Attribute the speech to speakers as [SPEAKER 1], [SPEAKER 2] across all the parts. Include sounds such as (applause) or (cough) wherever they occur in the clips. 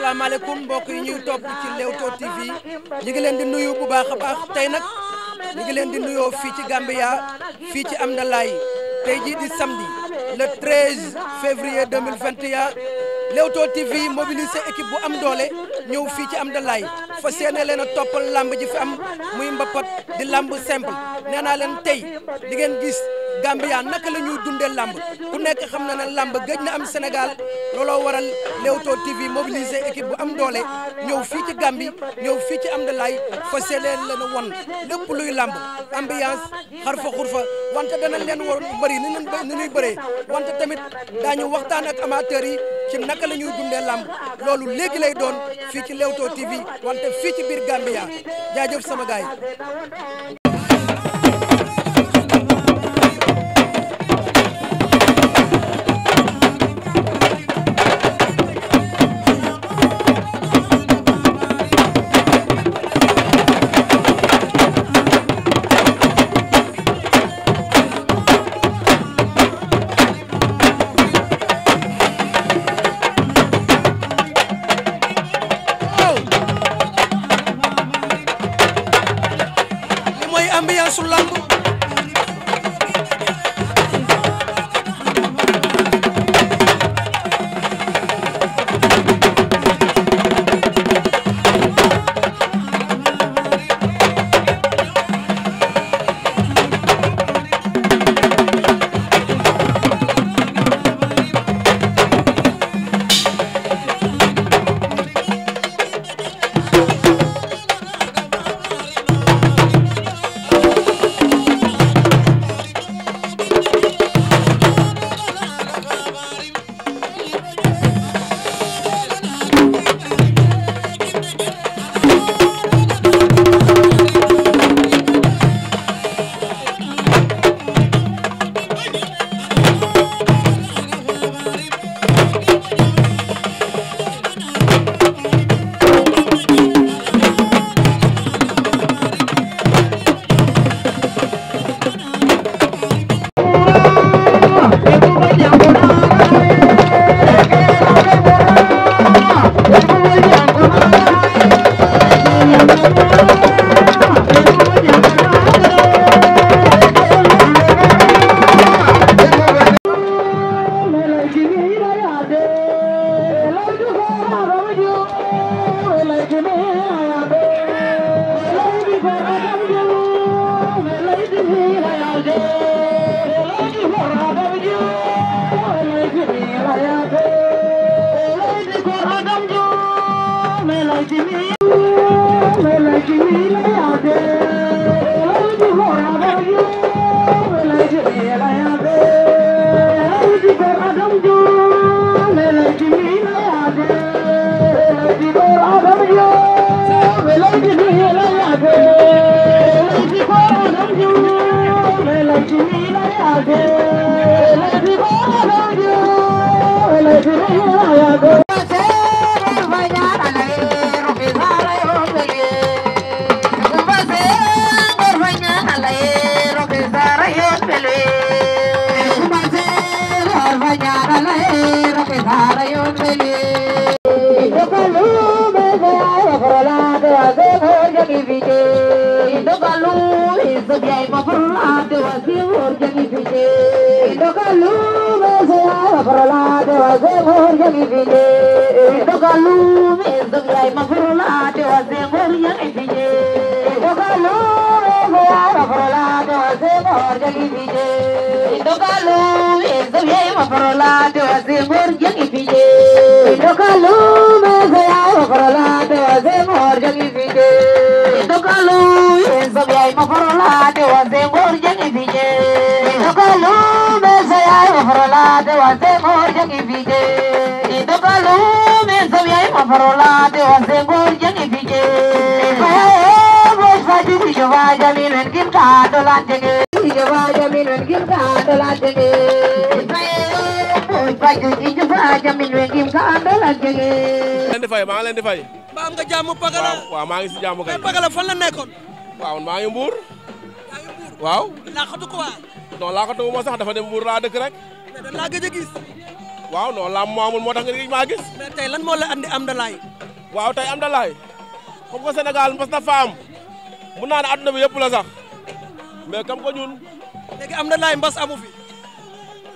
[SPEAKER 1] asalaamaaleykum mbokk yi ñuy topp ci Leewtoo TV ñu ngi leen di nuyu bu baax a baax tey nag ñu ngi leen di nuyoo fii ci Gambia fii ci am Amdalaay tey jii di samedi le 13 février 2021 Leewtoo TV mobilisé équipe bu am doole ñëw fii ci Amdalaay fa séene leen a toppal lamb ji fi am muy mbapat di lamb simple nee naa leen tey di ngeen gis. Gambia naka la ñuy dundee làmb ku nekk xam na ne làmb gëj na am Sénégal looloo waral Leewtoo TV mobilisé équipe bu am doole ñëw fii ci Gambie ñëw fii ci am dalay fas yéene leen won lépp luy làmb ambiance xarfa xurfa wante danañ leen war bëri ni ñun bëree wante tamit daañu waxtaan ak amateurs yi ci naka la ñuy dundee làmb loolu léegi lay doon fii ci Leewtoo TV wante fii ci biir Gambia jaajëf sama gaay ambiance su lamb
[SPEAKER 2] جنبيتي دوغالو يزغاي مبرلاد وزيور جنبيتي دوغالو مزهار مبرلاد وزيور جنبيتي دوغالو مزغاي مبرلاد وزيور جنبيتي دوغالو مزهار مبرلاد وزيور جنبيتي دوغالو مزغاي مبرلاد وزيور جنبيتي دوغالو مزهار مبرلاد en sob yaay ma forolaate wase ngoor jangi fije idokalu men so yaay ma forolaate wase ngoor jangi fije idokalu men sob yaay ma forolaate wase ngoor jangi fije fayae boy faji fijo vajamin wen kim kaatolantege fijo vajamin wen kim kaatolantege fayae boy faji fijo vajamin wen kim kaatolantege
[SPEAKER 3] leen di fay maa leen di fay nga jàmm Pagala waaw maa si jàmm kay Pagala fan la nekkoon waaw maa ngi Mbour yaa ngi waaw laaxatu ko waa non laaxatu ma sax dafa dem Mbour laa dëkk rek mais dañ laa gëj a moo tax nga maa gis mais lan moo la andi am dalaay waaw tey am dalaay comme que Sénégal mas na mun naa ne adduna bi la sax mais comme que ñun léegi am dalaay mbas amu fi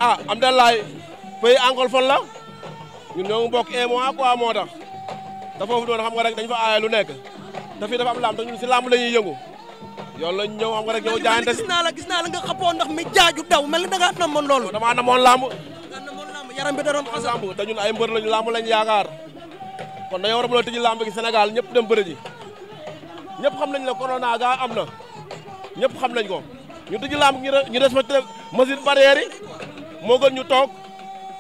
[SPEAKER 3] ah am dalaay pays anglophone la ñun ñoo ngi bokk un e mois quoi moo tax te foofu doon xam nga rek dañ fa aaye lu nekk te fii dafa am lamb te ñun si lamb la ñuy yëngu yoon lañ ñëw xam nga rek ñëw jaayante gis naa la gis naa la nga xappoo ndax mi jaaju daw mel ni da ngaa namoon loolu damaa namoon lamb yaram bi da doon xas te ñun ay mbër lañu lamb lañ yaakaar kon dañoo war a mën a tëj lamb gi Sénégal ñëpp dem bëri ji ñëpp xam nañ la corona ga am na ñëpp xam nañ ko ñu tëj lamb gi ñu respecté te barrières yi moo gën ñu toog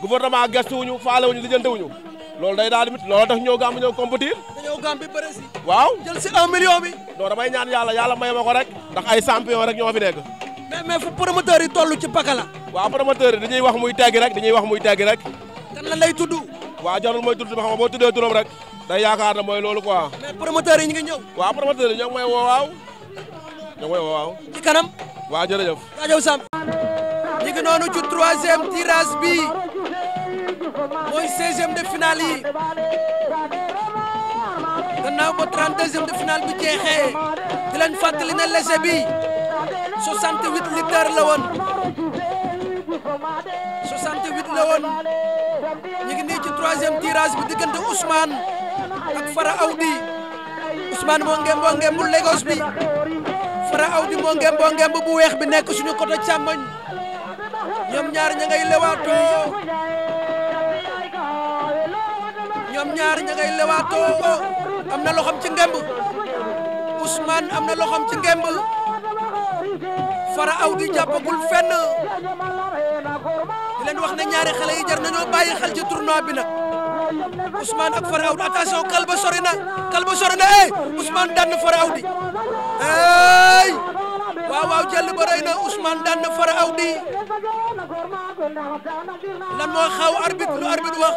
[SPEAKER 3] gouvernement gestuwuñu faalewuñu lijjantewuñu loolu day daal di mit loolu tax ñëw gàmm ñëw compétir. ñëw gàmm bi waaw jël si un million bi. non damay ñaan yàlla yàlla may ma ko rek. ndax ay champion rek ñoo fi nekk. mais mais fu yi toll ci pakala waaw promoteur yi dañuy wax muy teggi rek dañuy wax muy teggi rek. kan la lay tudd. waaw jarul mooy tudd ba xam nga boo tuddee turam rek. day yaakaar na mooy loolu quoi. mais promoteur yi ñu ngi ñëw. waaw promoteur yi ñoo ngi may woo waaw. ñoo ngi may woo waaw. ci kanam. waaw jërëjëf. jaajëf Samb. ñu ngi noonu ci
[SPEAKER 2] mooy seizième de finale yi
[SPEAKER 1] gannaaw ba trente-deuxième de finale bi jeexee di leen fàttali na léger bi soixante-huit litres la woon soixante-huit la woon ñu ngi nii ci troisième tirage bi diggante Ousmane ak Fara Awdi Ousmane moo ngeem boo ngeem bi Fara Awdi moo ngeem boo bu weex bi nekk suñu côté càmmoñ ñoom ñaar ña ngay lewaatoo ñoom ñaar ña ngay lewaatoo am na loxoom ci ngemb Ousmane am na loxoom ci ngemb Fara Awdi jàppagul fenn di leen wax ne ñaari xale yi jar nañoo bàyyi xel ci tournoi bi nag ak Fara Awdi attention kal ba sori na kal ba na eh Ousmane daan na Fara Awdi hey waaw waaw jël ba rëy na Ousmane daan na Fara Awdi lan moo xaw arbitre lu arbitre wax.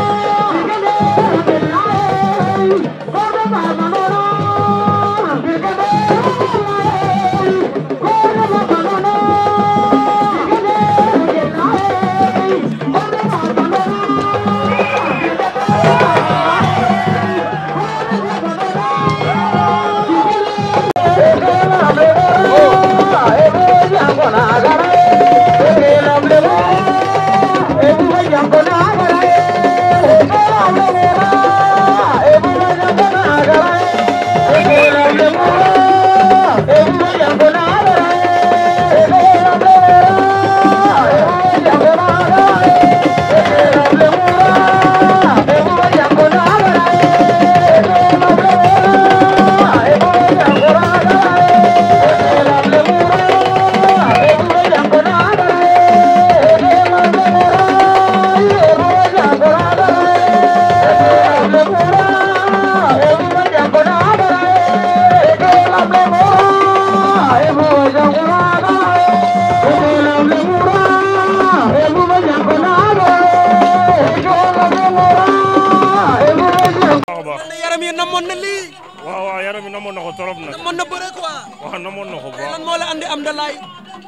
[SPEAKER 4] namoon na ko trop nag. namoon na bëre quoi. waaw namoon na ko bu baax lan moo la andi am dalaay.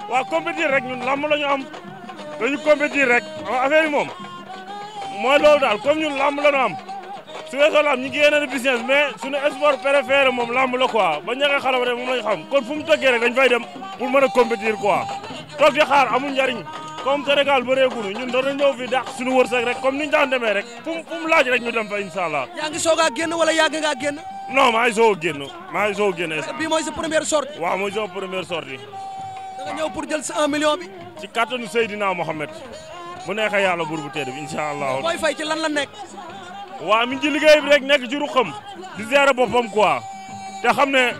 [SPEAKER 4] waaw compétir rek ñun lamb la ñu am dañu compétir rek affaire yi moom mooy loolu daal comme ñun lamb la ñu am su weesoo lamb ñu ngi yeneen business mais suñu sport préféré moom lamb la quoi ba ñàkk a xalaat rek moom la ñu xam kon fu mu toggee rek fay dem pour mën a compétir quoi toog di xaar amul comme Sénégal bëreegul ñun doon ñëw fi dàq suñu wërsëg rek comme ni ñu daan demee rek fu mu fu laaj rek ñu dem fa incha yaa ngi soog a génn wala yàgg ngaa génn. non ngi soog a génn maa ngi soog a génn. bii mooy sa première sortie. waaw mooy sa première sortie. da nga ñëw pour jël sa 1 million bi. ci kattanu Seydina Mohamed. bu neexee yàlla buur bu tedd bi incha allah. booy fay ci lan la nekk. waaw mi ngi ci liggéey bi rek nekk ci ruqam. di gérer boppam quoi. te xam ne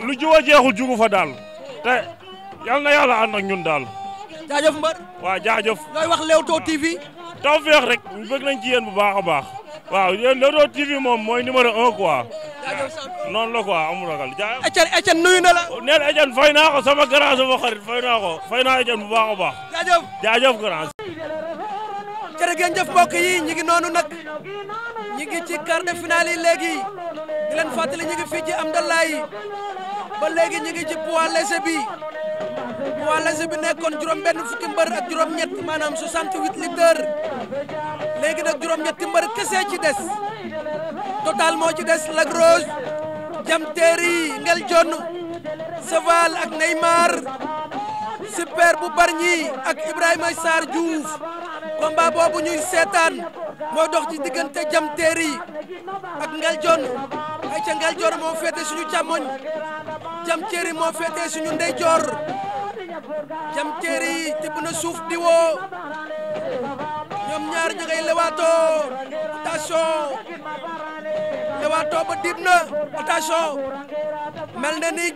[SPEAKER 4] lu ji a jeexul jugu fa daal. te yal na yàlla ànd ñun daal jaajëf mbër waaw jaajëf looy wax Leewtoo TV tawfeex rek ñu bëgg nañ ci yéen bu baax a baax waaw Leewtoo TV moom mooy numéro un quoi noonu la quoi amul ragal jaajëf Etienne Etienne nuyu na la neel Etienne fay naa ko sama grand sama xarit fay ko fay naa bu baax a baax jaajëf jaajëf grand
[SPEAKER 1] jërëjëf mbokk yi ñi noonu nag ñi ci quart de finale yi léegi di leen fàttali ñi ci am dalaay ba léegi ñi ngi ci poids léger waa lase bi nekkoon juróom benn fukki mbër ak juróom ñett maanaam 68 lutteurs léegi nag juróom ñetti mbër kese ci des total moo ci des Lac Rose Jam Terry Ngel Jon Cheval ak Neymar super bu Bargny ak Ibrahima Sarr Diouf combat boobu ñuy seetaan mooy dox ci diggante Jam Terry ak Ngel Jon ay ca Ngel Jon moo féete suñu càmmoñ jam teeri moo féetee suñu ndeyjoor jam teeri tibb na suuf di woo ñoom ñaar ñu ngay lewaatoo attention lewaatoo ba dib na attention mel na ni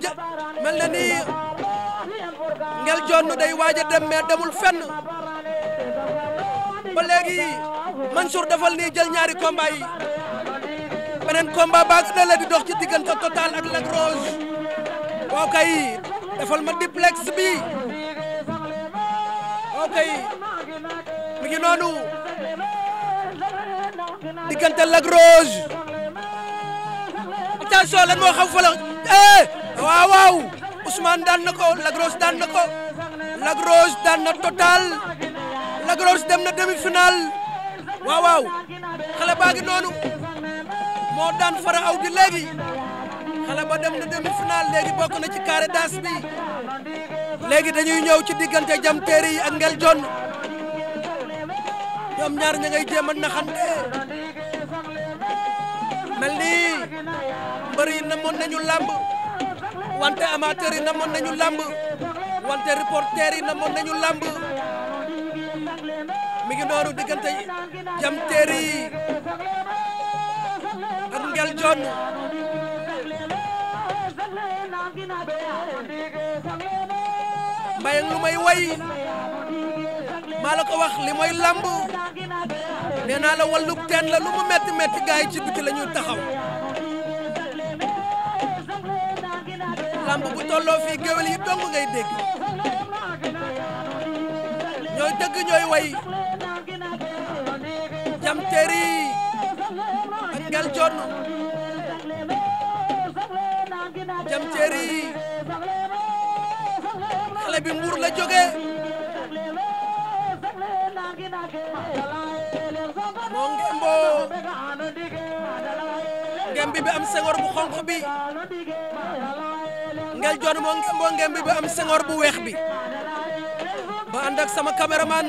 [SPEAKER 1] mel na ni ngel joon day waaj a dem mais demul fenn ba léegi Mansour dafal nii jël ñaari combat yi beneen combat baa gën a la di dox ci diggante Total ak Lac Rose waaw kay defal ma duplex bi waaw kay mi ngi noonu diggante Lac Rose attention lan moo xaw fële eh waaw waaw Ousmane daan na ko Lac daan na ko Lac daan na total Lac dem na demi-finale waaw waaw xale noonu moo daan fara aw gi léegi. xale ba dem na demi-finale léegi bokk na ci carré d'as bi léegi dañuy ñëw ci diggante jam teeri yi ak ngel jon ñoom ñaar ña ngay jéem a naxante mel ni mbër yi nañu làmb wante amateur yi namoon nañu làmb wante reporter yi namoon nañu làmb mi ngi noonu diggante jam teeri yi
[SPEAKER 2] mbay lu may way maa la ko wax li mooy
[SPEAKER 1] lamb nee naa la walluk teen la lu mu metti metti gaay ci biti la ñuy taxaw lamb bu tolloo fii géwél yi dong ngay dégg ñooy dëgg ñooy way jam ak ngel jonn
[SPEAKER 2] ceri xale bi Mbuur la jóge moo ngembo ngembi bi am sengoor
[SPEAKER 1] bu xonq bi ngel joon moo ngembo ngembi bi am sengoor bu weex bi ba ànd ak sama caméraman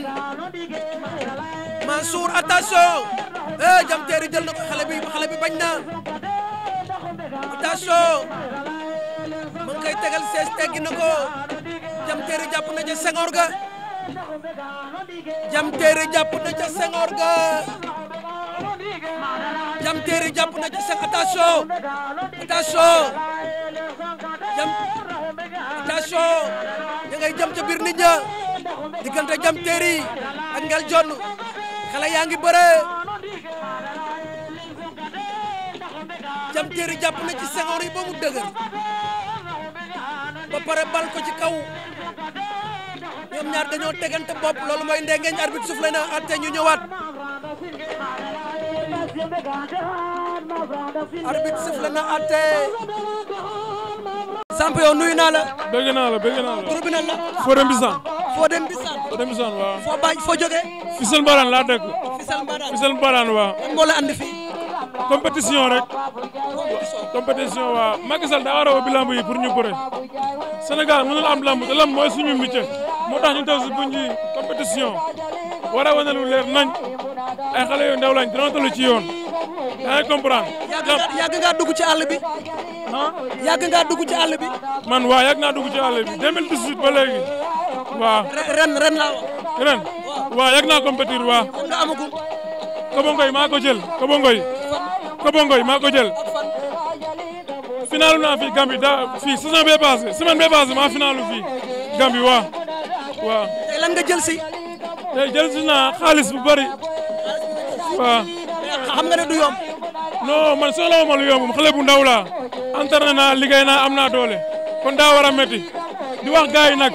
[SPEAKER 1] Mansour attention eh jam teeri jël na xale bi bañ na attention koy tegal sees teggi na ko jam teere jàpp na ca sengoor ga jam teere jàpp na ca ga jam teere jàpp na ca seng attention attention jam jëm ca biir nit ña diggante jam teeri ak ngel jonn xale yaa ngi bëre jam teeri jàpp na ci sengoor yi ba mu dëgër ba pare bal ko ci kaw ñoom ñaar dañoo tegante bopp loolu mooy ndengeeñ arbitre suuf lay na ñu ñëwaat
[SPEAKER 5] arbitre suuf lay na atte samp yow naa la bëgg la bëgg la tur la Fodé Mbissane Fodé Mbissane Fodé foo baañ foo jógee Fissel Mbarane laa dëkk Fissel Mbarane Fissel compétition rek compétition waaw Macky Sall daa war yi pour ñu bëre Sénégal mënul am lamb mooy suñu métier moo tax ñu taw si buñ ji a wane leer nañ ay xale yu ndaw lañ dina toll ci yoon yaa ngi comprendre. yàgg ci àll bi. ah yàgg ci àll bi. man waaw yàgg naa dugg ci bi 2018 ba léegi waaw. ren ren laa ren waaw yàgg naa compétir waaw. Kobongoy maa ko Kobongoy. Kobongoy maa ko jël final naa fi Gambie da fii saison bee passé semaine bee passé maa finalu fii Gambie waaw waaw. tey lan nga jël si. tey naa xaalis bu bëri waaw. xam nga ne du yomb. non man soxla ma lu yomb xale ndaw laa entraîné naa liggéey am naa doole kon daa war a métti di wax gars nag.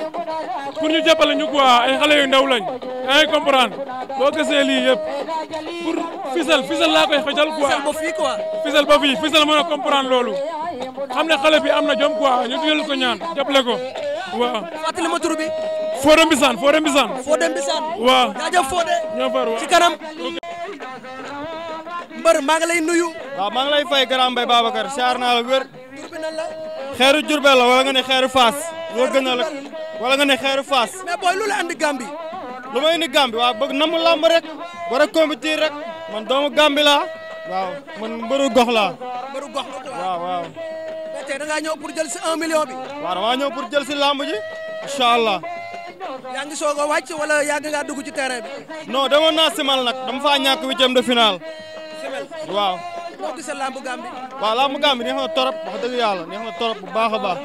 [SPEAKER 5] pour ñu jàppale ñu quoi ay xale yu ndaw lañ yaa ngi comprendre boo gisee lii yëpp pour fisal fisal laa koy xëjal ba fii quoi fisal a comprendre loolu xam ne xale bi am na jom quoi ñu digal ko ñaan jàppale ko waaw. fàttali ma tur bi. Fodé Mbissane Fodé Mbissane. Fodé Mbissane. waaw jaajëf Fodé.
[SPEAKER 6] ñoo ci kanam. mbër maa lay nuyu. waaw maa lay fay grand Mbaye Babacar naa la wér. tur bi la. wala nga ne xeeru Faas. loolu gën a la. wala nga ne xeeru faas. mais booy lu la andi lu may indi Gambie waa bëgg na mu làmb rek war a compétir rek man doomu Gambie laa waaw man mbëru gox laa. la waaw waaw. mais tey da ngaa ñëw pour jël si un million bi. waaw damaa ñëw pour jël si làmb ji incha allah. yaa ngi soog a wàcc wala yaa ngi ngaa dugg ci terrain bi. non demoon naa simal nag dama faa ñàkk huitième de finale. simal waaw.
[SPEAKER 1] moo gisee làmb Gambie.
[SPEAKER 6] waaw làmb Gambie neex na torop wax dëgg yàlla neex na torop bu baax a baax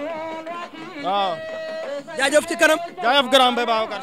[SPEAKER 6] jaajëf ci kanam jaajëf grand Mbaye Babacar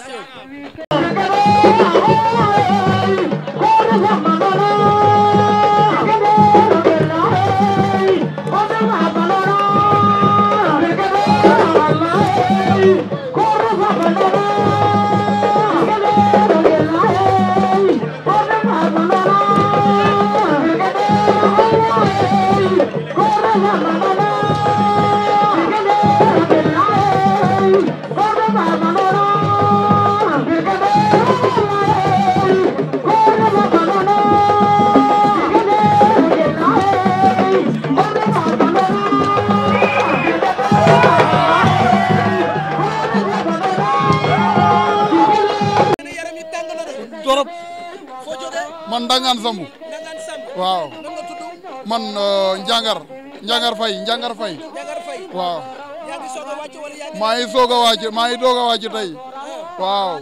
[SPEAKER 7] sambu waaw man euh, Ndiangar Ndiangar Faye Ndiangar Faye waaw maa ngi soog a wàcc maa ngi doog a wàcc tey ah. waaw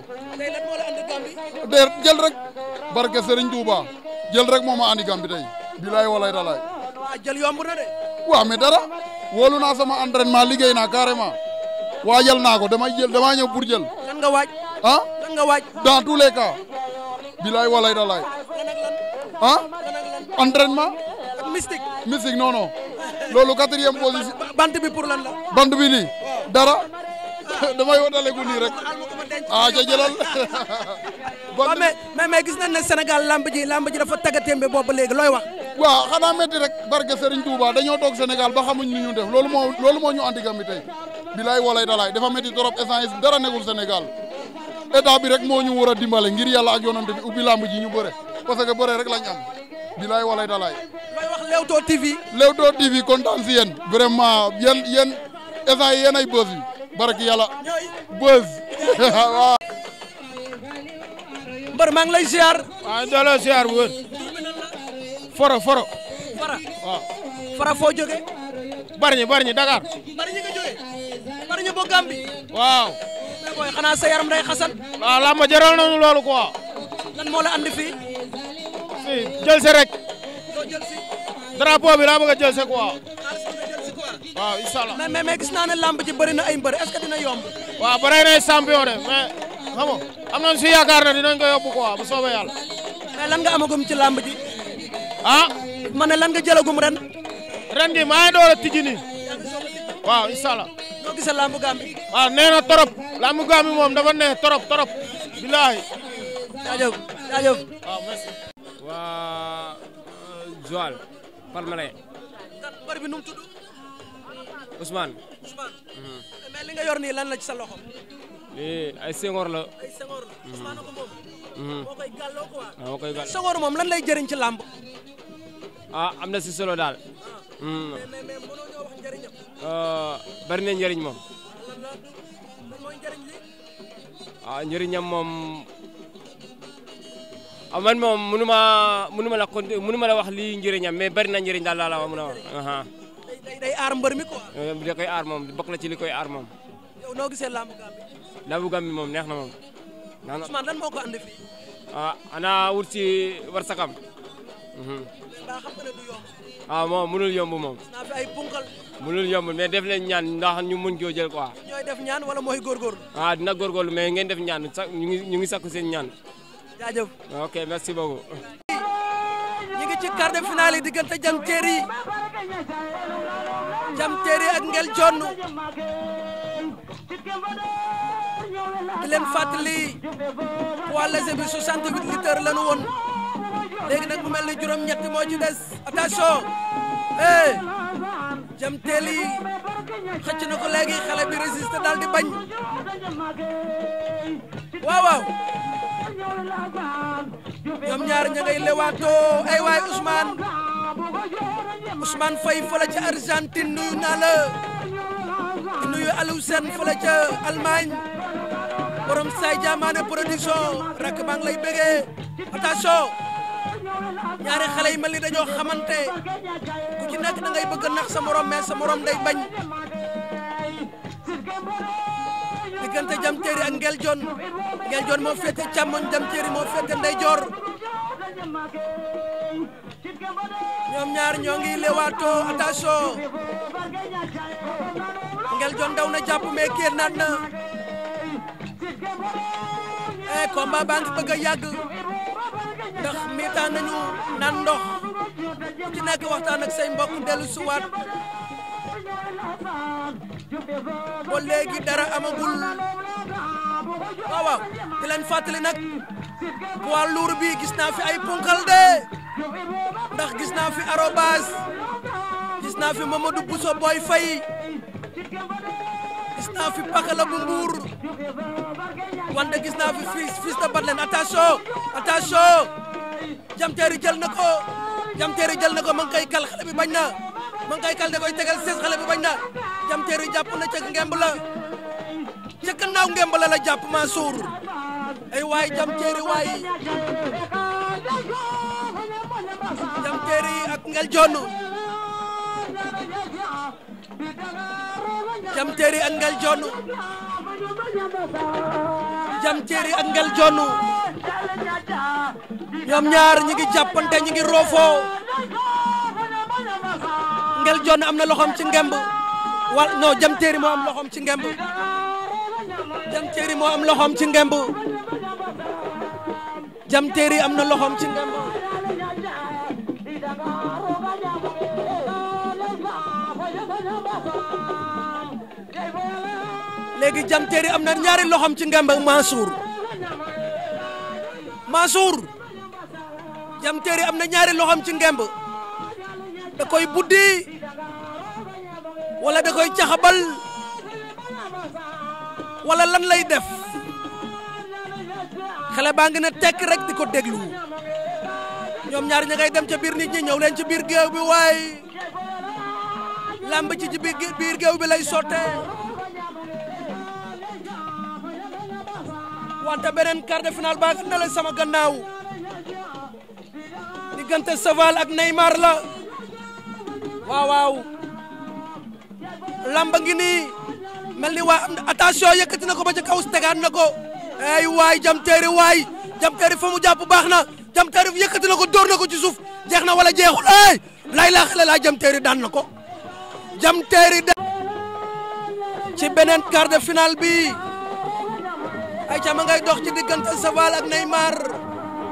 [SPEAKER 7] déet jël rek barke Serigne Touba jël rek moo ma andi Gàmbi tey bilaay walay dalaay ah, jël yomb na de dara wóolu naa sama entraînement liggéey naa carrément waajal naa ko damay jël damaa ñëw pour jël lan nga waaj ah walay dalaay ah entraînement. mystique mystique non non loolu quatrième position. bant bi pour lan la. bant bi nii dara (laughs) damay wadaleku nii rek
[SPEAKER 2] ah ca jëlal.
[SPEAKER 7] (laughs) bant mais mais gis nañ ne Sénégal lamb ji lamb ji dafa taggatémbe boobu léegi looy wax. waaw xanaa métti rek barke Serigne Touba dañoo toog Sénégal ba xamuñ ni ñu loolu moo loolu moo ñu andi gam bi tey bilaay walay dalaay dafa métti trop essence dara bi rek moo ñu war a dimbale ngir yàlla ak yoonante bi ubbi lamb ji ñu bëre. parce que bëre rek lañ am bilaay walay dalaay. looy wax Leewtoo TV. Leewtoo TV kontaan si yéen. vraiment yéen yéen instant yéen ay buzz yi barki yàlla buzz (laughs) waaw. mbër maa ngi lay ziar.
[SPEAKER 3] waaw doo la ziar bu wër. foro foro. fara waaw. fara foo jógee. bariñu bariñu Dakar.
[SPEAKER 1] bariñu nga jógee. bariñu bo Gambie.
[SPEAKER 3] waaw. mais booy xanaa
[SPEAKER 1] sa yaram day xasan.
[SPEAKER 3] waaw làmb jaral nañu loolu quoi. lan moo la andi fii. fii rek drapeau bi daa bëgg a jël si waaw incha allah. mais gis naa ne lamb ji bari na ay mbër dina yomb. waaw bëri na ay champion de mais xam am nañu si yaakaar na dinañ ko yóbbu quoi bu soobee yàlla. mais lan nga amagum ci lamb ji. Ah? ma ne lan nga jëlagum ren. ren gi maa ngi a waaw incha allah. noo gisee lamb waaw nee na trop lamb Gambie moom dafa neex trop trop. bilaay.
[SPEAKER 8] jaajëf waa euh, Joal Palmarin.
[SPEAKER 3] kan bi nu mu tudd.
[SPEAKER 8] Ousmane. Ousmane. Mhm. mais yor nii lan la ci sa loxo. ay sengoor la. ay mhm. moom. Mhm. moo koy gàlloo quoi.
[SPEAKER 1] waaw ah, lay jëriñ ci làmb.
[SPEAKER 8] ah am na si solo daal. Ah. Euh, bari na njariñ moom. lan mooy ah, moom. aman ah, moom mënu ma mënu ma la con mënu ma la wax lii njëriñam mais bari na njëriñ daal laa la mën a wax.
[SPEAKER 1] day day aar mbër mi quoi.
[SPEAKER 8] Eh, da koy aar moom bokk na ci li koy aar moom.
[SPEAKER 1] yow noo gisee làmbu
[SPEAKER 8] gàmbi. làmbu gàmbi moom neex na moom. naan Ousmane ah, si war sakam. Mhm. ndax xam nga ah, moom mënul yomb moom. naa fi ay punkal. mënul yomb def leen ñaan ndax ñu mun koo jël quoi.
[SPEAKER 1] ñooy def ñaan wala mooy
[SPEAKER 8] góorgóorlu. dina góorgóorlu mais ngeen def ñaan ñu ngi ñu ngi sakku seen ñaan. jaajëf ok merci beaucoup.
[SPEAKER 1] ngi ci quart de finale yi diggante Jam Teeri Jam ak Ngel Jonn di leen fàttali poids léger bi 68 litres la ñu woon léegi nag mu mel ni juróom-ñetti moo des attention eh Jam Teeri xëcc na ko xale bi résisté daal di bañ
[SPEAKER 2] waaw waaw. ñoom ñaar ña ngay lewaatoo ay waay Ousmane Ousmane Faye
[SPEAKER 1] fële ca Argentine nuyu naa la nuyu Aliou Sène ca Allemagne borom say jaamaane production lay bégee attention ñaari xale yi mel ni dañoo xamante ku ci nekk da ngay bëgg nax sa morom mais sa morom day bañ. diggante Jam Téeri ak Ngel Jon Ngel ñoom ñaar ñoo ngi lewaatoo attention Ngel Jon daw na jàpp mais Kéer naat na eh combat baa ngi bëgg a yàgg ndax miitaan nañu naan ndox ku ci nekk waxtaan ak say mbokk dellu suwaat
[SPEAKER 2] ba léegi dara amagul
[SPEAKER 1] waaw waaw di leen fàttali nag poids lourd bi gis naa fi ay punkal de ndax gis naa fi arobas gis naa fi Mamadou Bousso Boy Faye gis naa fi Pakala bu Mbour wante gis naa fi fils fils de Batlen attention attention Diam Terry jël na ko Diam jël na ko ma ngi kal xale bi bañ na ma ngay kal da koy tegal ses xale bi na jam teeru jàpp na ca ngemb la ca gannaaw ngemb la la jàpp Mansour ay waay jam teeri waay
[SPEAKER 2] jam teeri ak ngel jonn jam teeri ak ngel jonn
[SPEAKER 1] jam teeri ak ngel jonn ñoom ñaar ñi ngi jàppante ñi ngi roofoo ngel am na loxoom ci ngemb wal non jam téeri moo am loxoom ci ngemb jam moo am loxoom ci ngemb jam téeri am na loxoom ci ngemb léegi jam téeri am na ñaari loxoom ci ngemb Mansour Mansour jam téeri am na ñaari loxoom ci ngemb da koy buddi wala da koy caxabal wala lan lay def xale baa ngi ne tekk rek di ko déglu ñoom ñaar ña ngay dem ca biir nit ñi ñëw leen ci biir géew bi waay làmb ci ci biir géew bi lay sotte wante beneen kar de finale baa ngi ne la sama gannaaw diggante Saval ak Neymar la waaw waaw lamba ngi nii mel ni waa attention yëkkati na ko ba ca kaw tegaat na ko ay waay jam teeri waay jam teeri fa mu jàpp baax na jam teeri yëkkati na ko dóor na ko ci suuf jeex na wala jeex ay lay laa xale jam teeri daan na ko jam teeri daan ci beneen quart de finale bi ay ca ma ngay dox ci diggante Saval ak Neymar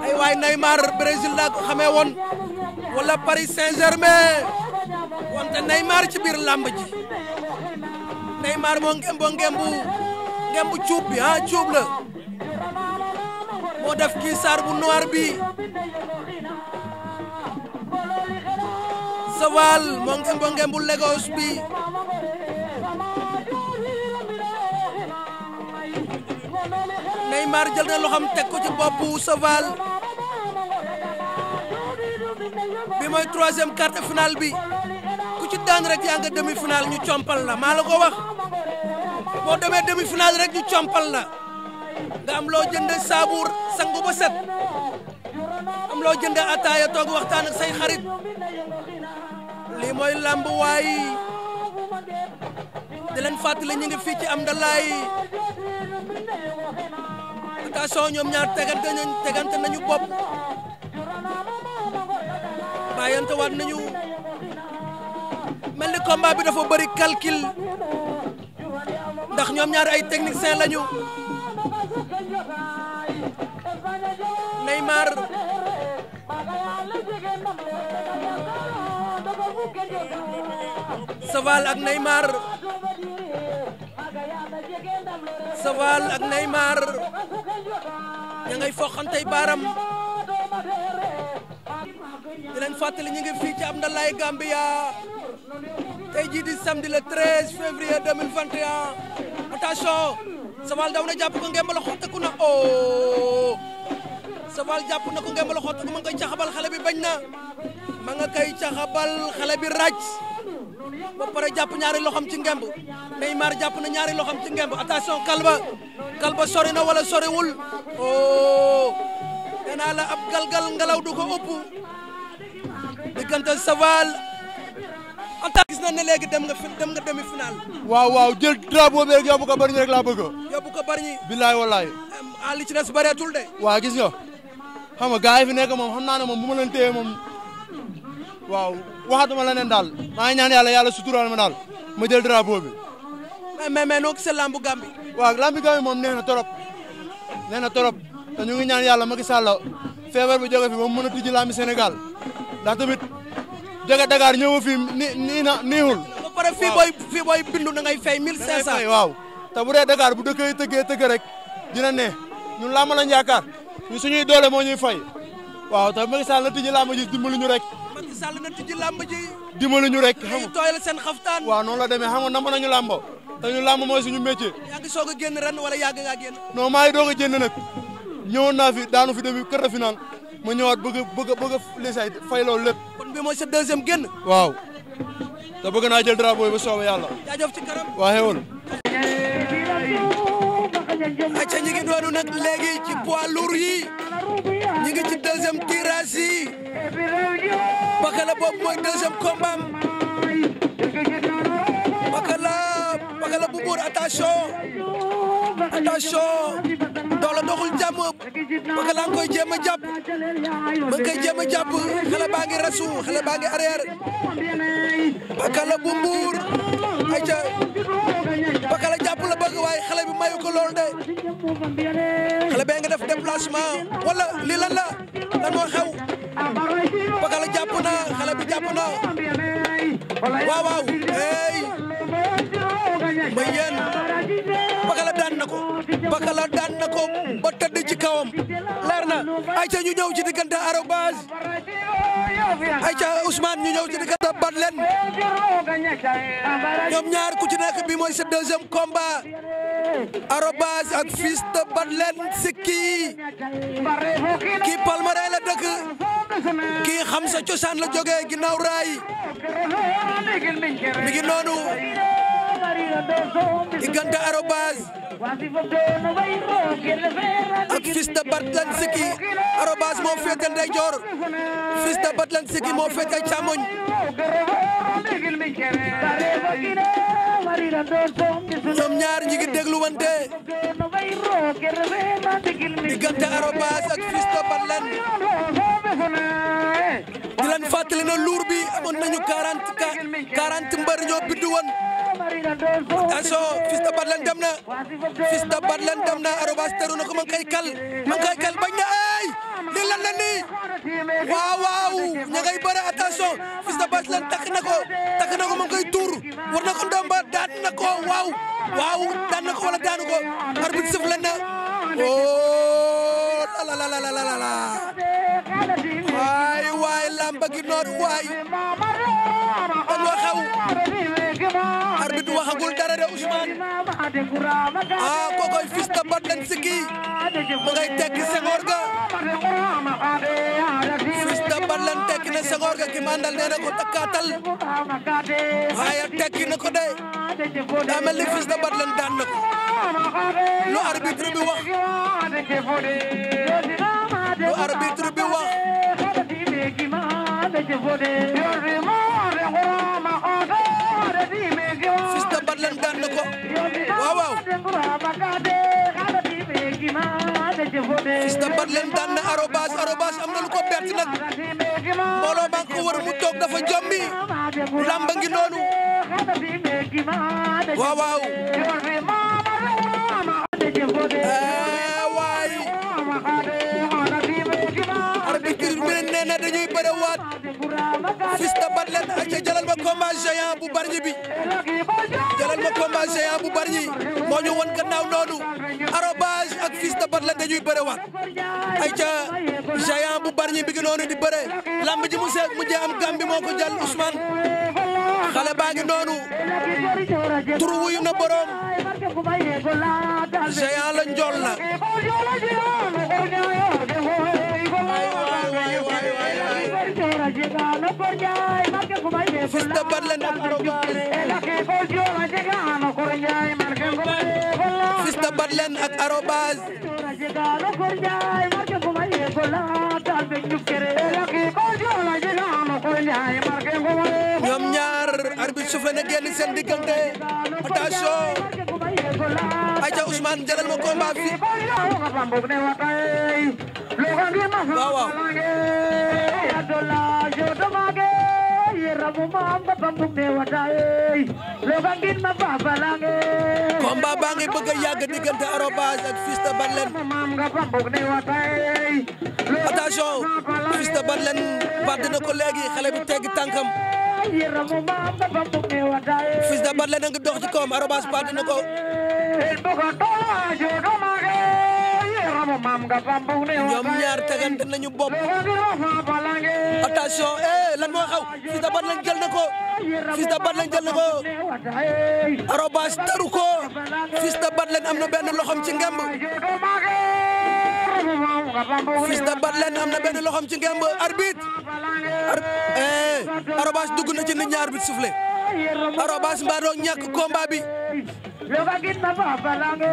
[SPEAKER 1] ay waay Neymar Brésil laa xamee woon wala Paris Saint-Germain wante Neymar ci biir làmb ji Neymar moo ngembo ngembu cuub bi ah cuub la moo def kii saar bu noir bi
[SPEAKER 2] Saval moo ngembo ngembu Lagos bi
[SPEAKER 1] Neymar jël na loxoom teg ko ci boppu Saval bi mooy troisième quart de bi daan rek yaa nga demi final ñu compal la maa la ko wax boo demee demi final rek ñu compal la nga am loo jënde saabuur sangu ba set am loo jënde ataaya toog waxtaan ak say xarit lii mooy làmb waay di leen fàttali ñu ngi fii ci am ndalaay attention ñoom ñaar tegante nañ tegante nañu bopp waat nañu mel ni combat bi dafa bari calcul ndax ñoom ñaar ay technicien lañu Neymar
[SPEAKER 2] Saval ak Neymar
[SPEAKER 1] Saval foqantey baaram di leen fàttali ñu ngi fii ci Amdalaay Gambia tey jii di samedi le 13 février 2021 attention Saval daw na jàpp ko ngembal xotteku na oh Saval jàpp na ko ngembal xotteku ma nga koy caxabal xale bi bañ na ma nga koy caxabal xale bi ràcc pare jàpp ñaari loxam ci ngemb Neymar jàpp na ñaari loxam ci ngemb attention kalba kalba sori na soriwul oh nee naa la ab galgal ngelaw du ko ëpp. diggante Saval Anta gis na ne léegi dem nga dem nga demi final.
[SPEAKER 6] waaw waaw jël drapeau bi rek yóbbu ko bari ñu rek laa bëgg. yóbbu ko bari ñi. billaay wallaay. ah li ci des bëreetul de. waa gis nga xam nga gars yi fi nekk moom xam naa ne moom bu ma leen téye moom waaw waxatuma leneen daal maa ngi ñaan yàlla yàlla suturaal ma daal ma jël drapeau bi. mais mais mais noo gisee lambu Gambi. waaw lambu Gambi moom nee na trop nee na trop te ñu ngi ñaan yàlla Macky Sall feebar bi jóge fi ba mu mën a senegal ndax tamit jóge Dakar ñëw fii ni nii na niiwul. waaw ba pare fii booy fii booy bindu da ngay fay 1500. waaw te bu dee Dakar bu dëkkee tëggee tëgg rek dina ne ñun làmb lañ yaakaar ñun suñuy doole moo ñuy fay waaw te Macky Sall na tijji làmb ji dimbali ñu rek.
[SPEAKER 1] Macky Sall na tijji làmb ji.
[SPEAKER 6] dimbali ñu rek xam nga tooyal seen xaftaan. waaw noonu la demee xam nga nama nañu làmb te ñu làmb mooy suñu métier. yaa génn ren wala yàgg ngaa génn. non maa ngi doog a génn nag ñëwoon naa fi daanu fi demi quart ma ñëwaat bëgg a bëgg a bëgg lépp. kon bi mooy sa deuxième waaw te bëgg naa jël drapeau yi ba soobee yàlla. waa xewul.
[SPEAKER 1] acca ñi ngi doonu nag léegi ci poids yi ñi ngi ci deuxième tirage boobu mooy deuxième combat Pakala bu Mbour attention attention Doole doxul a jàpp ma koy a jàpp xale baa ngi rasu xale baa ngi arrière Pakala bu Mbour jàpp la bëgg waaye xale bi mayu lool de xale bee nga def déplacement wala lii lan la xew Pakala jàpp na xale bi jàpp na waaw waaw hey. mais yéen Pakala daan na ko Pakala daan na ko ba tëdd ci kawam leer na ayca ñu ñëw ci diggante arobase ayca Ousmane ñu ñëw ci diggante Badlen ñoom ñaar ku ci nekk bi mooy sa deuxième combat arobase ak fils de Badlen si kii kii la dëkk kii xam cosaan la jógee ginnaaw raay mi ngi
[SPEAKER 2] noonu.
[SPEAKER 1] diggante arobase ak fils de Batlansiki arobase moo féete ndeyjoor fils de Batlansiki moo féete càmmoñ ñoom ñaar ñi ngi déglu wante diggante arobase ak fils de Batlan di luur bi amoon nañu quarante mbër ñoo bidd attention Fils de Batlen dem na Fils de Batlen dem na Arobase teru na ko kal ma ngi kal bañ na ay li lan la nii waaw waaw ña ngay bëre attention Fils de takk na takk na ko ma tuur war na ko ndomba daan waaw waaw daan na wala daanu ko arbitre sifle na oh la la la waay waay lamba gi noonu waay dañoo arbitre waxagul dara de Ousmane ah kokoy fils de bat lañ sikki ma ngay tekki sengoor ga fils de bat lañ tekki na sengoor ga ki mandal nee na ko takkaatal waaye tekki na ko de daa mel ni fils de bat na ko
[SPEAKER 2] lu arbitre bi wax bi wax ko waaw waaw
[SPEAKER 1] Fils de Batlen daan na arobas arobas am na lu ko bert nag mbooloo maa ngi mu toog dafa jombi lamba ngi noonu
[SPEAKER 2] waaw waaw eh,
[SPEAKER 1] waay arbitre bi nee na dañuy bëre Fils de Batlene ak ca jëlal ma combat géant bu Bargny bi jëlal ma combat géant bu Bargny moo ñu won gannaaw noonu Arobase ak Fils de Batlene dañuy bëre ay ca géant bu Bargny bi noonu di bëre lamb mu seet mu jee am Gàmbi moo ko jàll Ousmane xale baa ngi noonu turu wuyu na borom géant la
[SPEAKER 2] njool la Sista parlen ak arobas. Sista
[SPEAKER 1] parlen ak arobas. ñoom ñaar arbitre souffle na génn seen diggante attention ayca Ousmane
[SPEAKER 2] jëlal ma combat fi लोगोंगे महामांगे अदोला जोड़ मांगे ये रबु माम baa ngi bëgg a yàgg diggante
[SPEAKER 1] Arobase ak Fils de Batlen attention Fils de Batlen na ko léegi xale bi teggi tànkam Fils de a ngi dox ci kawam Arobase bàtt na ko ñoom ñaar tegante nañu bopp attention eh lan moo xaw Fils de Batling jël na ko Fils de Batling jël na ko arobas tëru ko Fils de Batling am na benn loxom ci ngemb Fils de Batling am na benn loxom ci ngemb arbitre eh arobas dugg na ci nit ñi arbitre soufflé arobas mbaa doon ñàkk combat Lovagit na babalange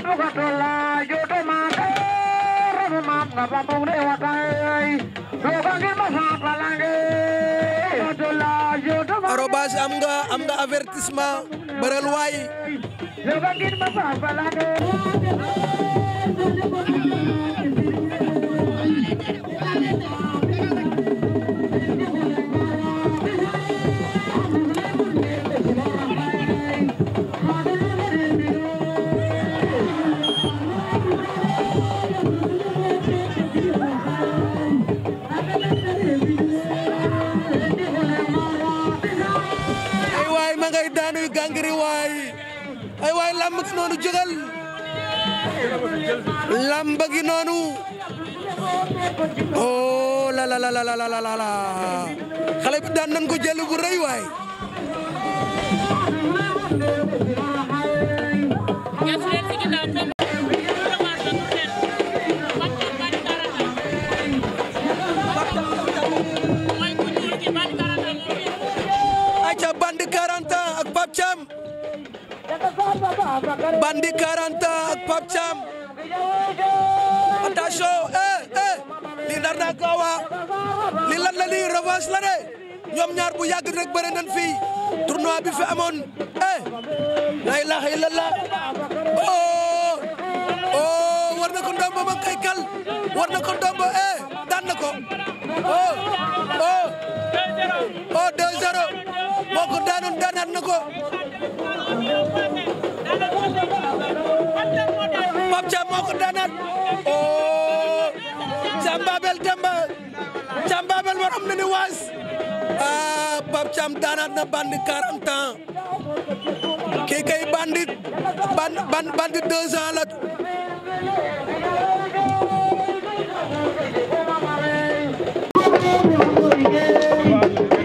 [SPEAKER 2] Buka tola Yoto mate Ramu mam na bambung de watai Lovagit na babalange Tola Yoto mate Arobas
[SPEAKER 1] am nga am nga avertissement Baral waay Lovagit na babalange noonu jógal lamba noonu oh la la la la daan nañ ko jël bu rëy ak Pape Bandi 40 ak Pape Thiam attention eh eh lii nar naa gaawa lii lan la lii revanche la de ñoom ñaar bu yàgg rek bëre nañ fii bi fi amoon eh la ilaha illallah oh oh war na ko ma kay kal war na ko ndombo eh. ko oh oh oh 2-0 moo ko daanoon daanaat na ko Pape moo ko daanaat oh Thiam Babel Demba Thiam na ni waas ah Pape Thiam na bandi 40 ans bandi bandi bandi 2 ans la. Thank you.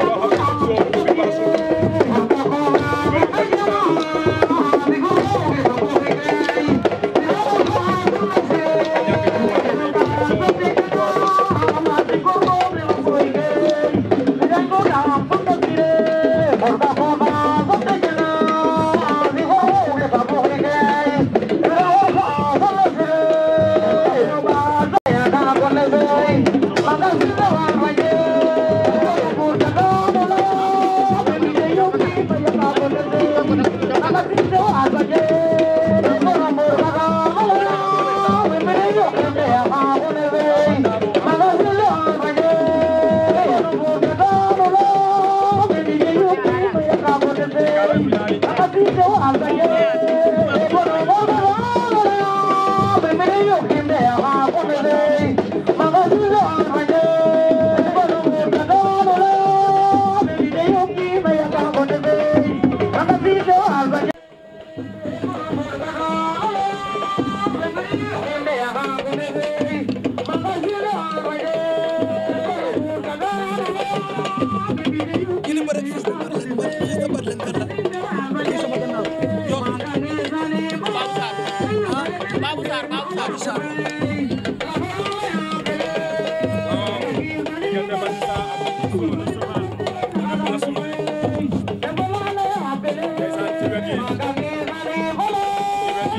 [SPEAKER 2] Eh,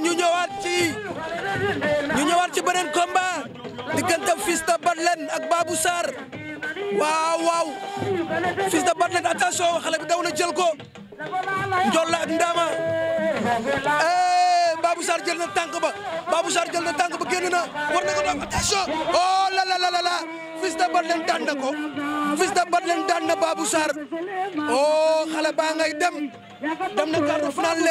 [SPEAKER 2] ñu ñëwaat ci
[SPEAKER 1] ñu ñëwaat ci beneen combat diggante Fils de Batlen ak Babou Sarr waaw waaw Fils de Batlen attention xale bi daw na jël ko Njolla ak Ndama. Eh, Babou Sarr jël na tànk ba Babou Sarr jël na tànk ba génn na war na ko doon attention oh la la la na daan na Babou Sarr oh xale ngay dem dem na
[SPEAKER 2] quart de finale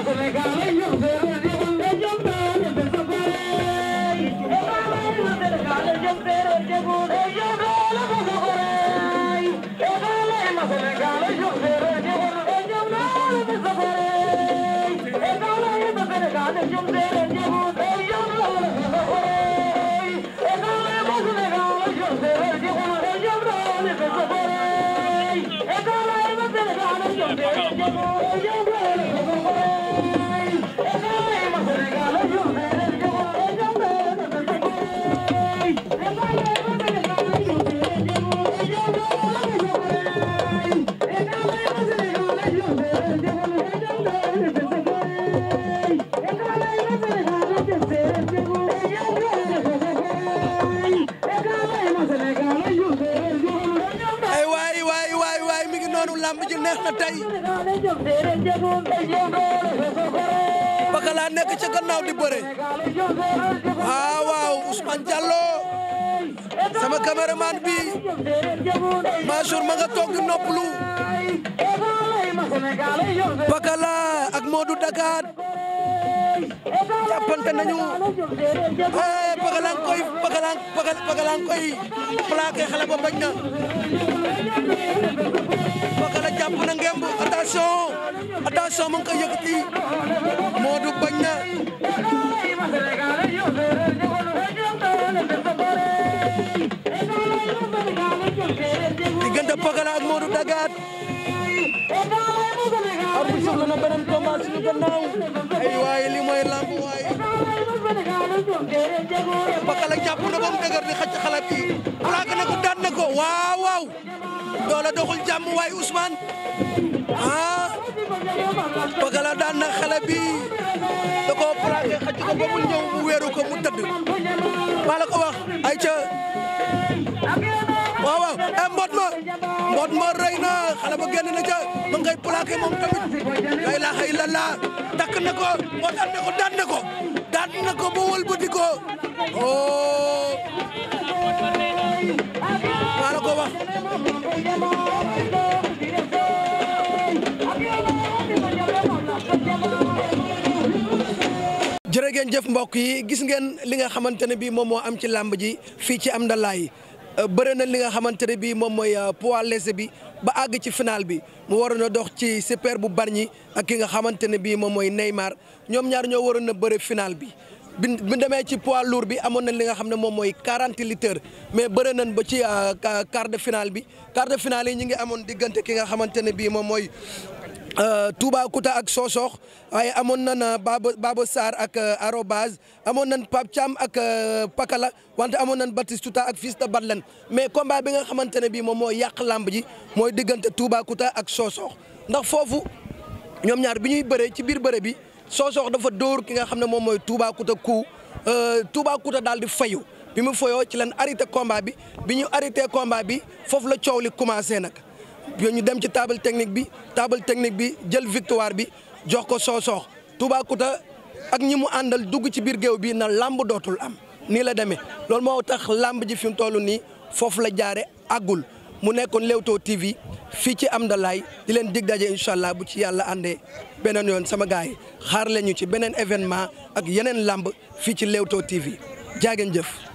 [SPEAKER 2] Sénégal lay yor
[SPEAKER 1] a tey Pakala nekk ca gannaaw di bëre waaw ah, waaw Ousmane sama caméraman bi Mansour ma nga toog di noppalu ak Modou Dakar jàppante nañu eh Pakala koy Pakala Pakala koy plaqué xale ba bañ na Pakala jàpp na ngemb attention. pression mu ngi koy yëkkati Modou bañ na diggante Pakala ak Modou Dagar soxla na beneen combat waaye li mooy lamb mu dëgër di xacc xalaat yi ko daan na ko waaw waaw doola doxul jàmm waaye Ousmane ah Pakala daan na xale bi da koo plaqué xacc ko ba mu mu weeru ko mu tëdd maa la ko wax ay ca Pod Mor rey na xale ba génn na ca ma ngay plaqué moom tamit la ilaha illallah takk na ko moo daan na ko daan na ko ba wëlbati ko oh maa la ko wax jërë ngeen jëf mbokk yi gis ngeen li nga xamante ne bii moom moo am ci làmb ji fii ci am ndalaay bëre na li nga xamante ne bii moom mooy euh, poids léger bi ba àgg ci final bi mu waroon a dox ci super bu Bargny ak ki nga xamante ne bii moom mooy Neymar ñoom ñaar ñoo waroon na bëre final bi. bi bi demee ci poids lourd bi amoon nañ li nga xam ne moom mooy quarante litres mais bëre nañ ba ci euh, quart de finale bi quart de finale yi ñu ngi amoon diggante ki nga xamante ne bii moom mooy. Euh, Toubacouta ak Sosox waaye amoon nan Baba euh, Baba Sarr ak euh, Arobase amoon nan Pape Thiam ak Pakala wante amoon nan Batistuta ak Fils de Batlen mais combat bi nga xamante ne bii moom mooy yàq làmb ji mooy diggante Toubacouta ak Sosox ndax foofu ñoom ñaar bi ñuy bëree ci biir bëre bi Sosox dafa dóor ki nga xam ne moom mooy Toubacouta ku Toubacouta daal di fayu bi mu fayoo ci leen arrêté combat bi bi ñu arrêté combat bi foofu la coow li commencé nag. yooyu ñu dem ci table technique bi table technique bi jël victoire bi jox ko soosoo Toubacouta ak ñi mu àndal dugg ci biir géew bi na làmb dootul am nii la demee loolu moo tax làmb ji fi mu toll nii foofu la jaare àggul mu nekkoon Leewtoo TV fii ci am dalay di leen dig daje incha allah bu ci yàlla àndee beneen yoon sama gars yi xaar leen ñu ci beneen événement ak yeneen làmb fii ci Leewtoo TV jaageen jëf